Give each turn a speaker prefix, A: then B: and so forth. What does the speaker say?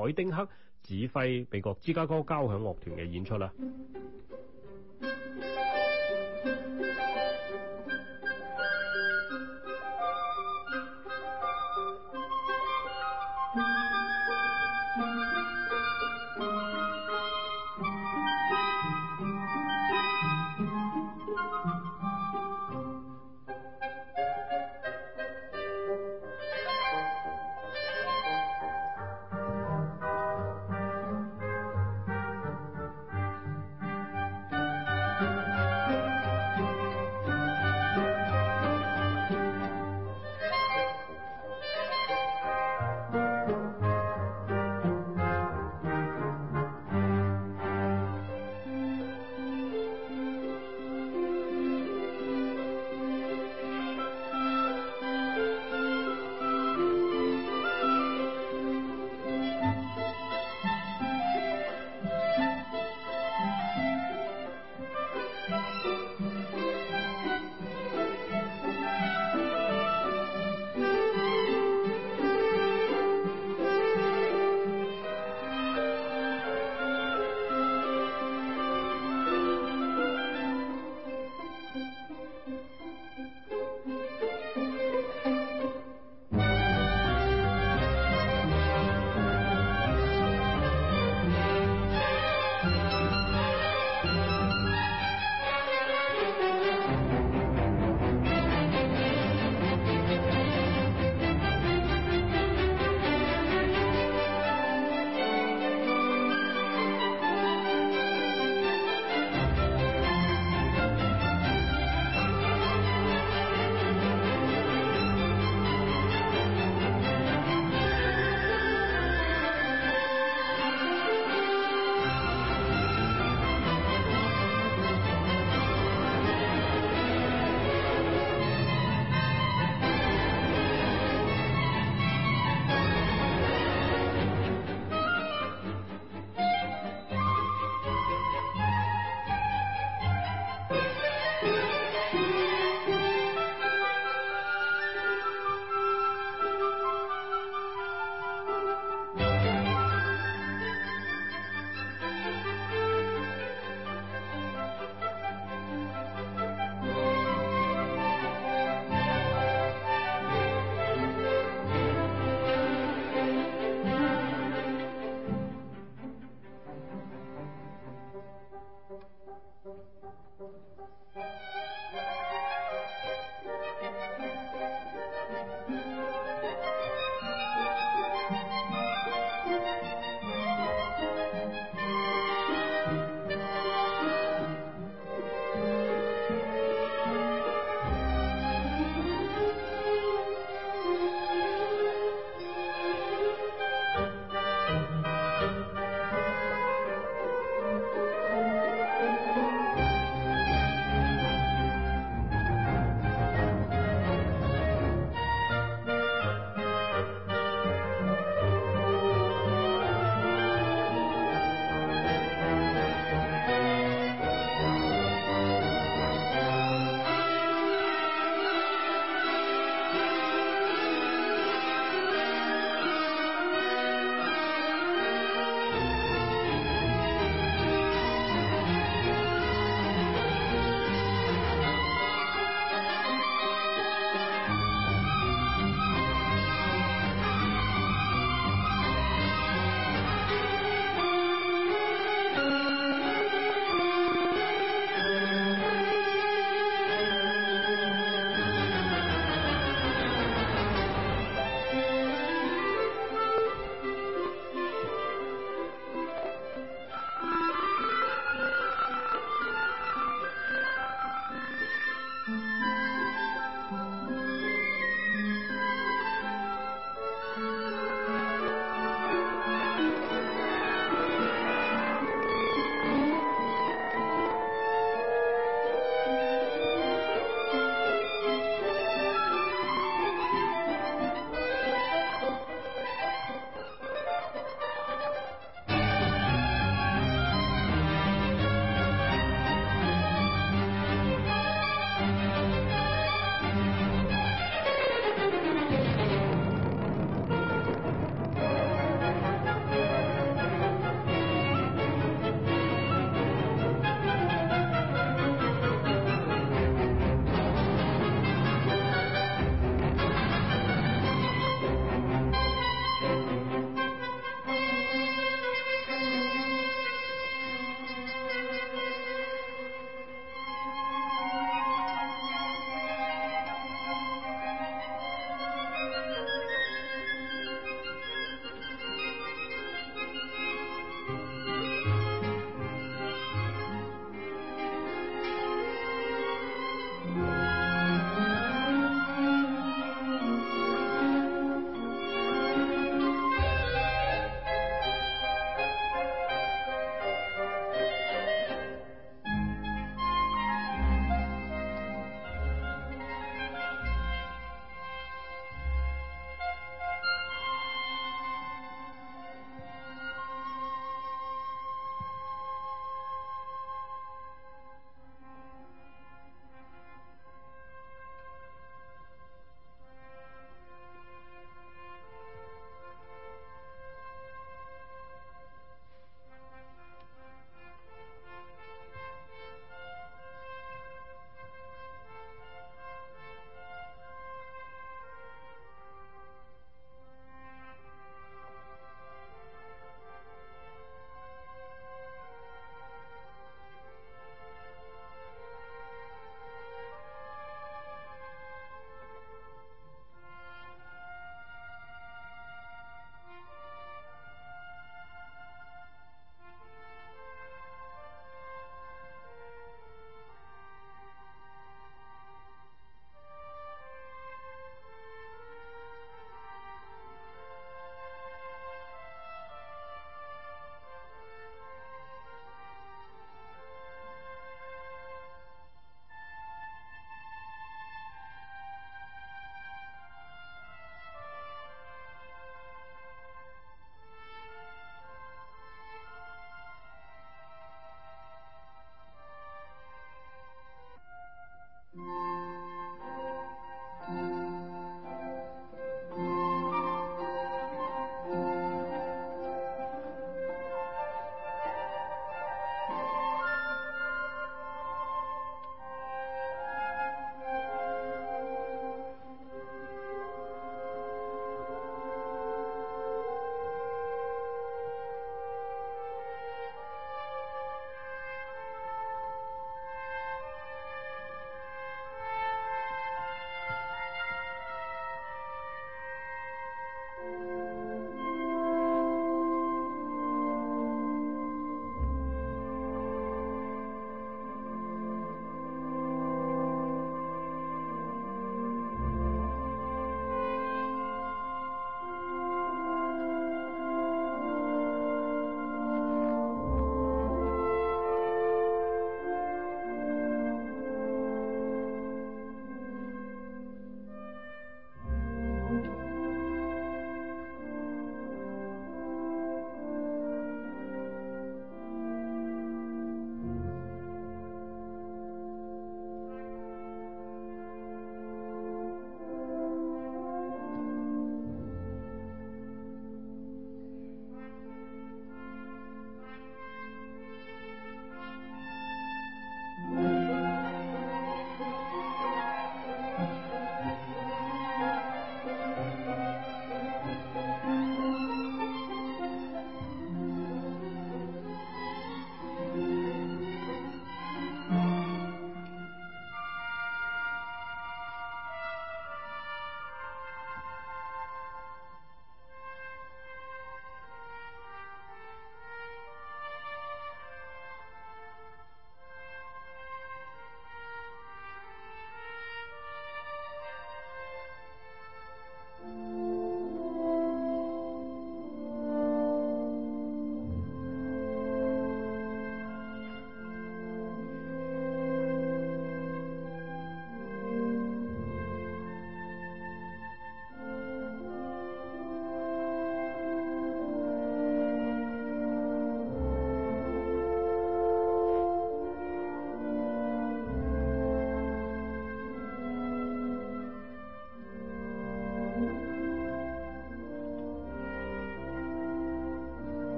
A: 海丁克指揮美國芝加哥交響樂團嘅演出啦。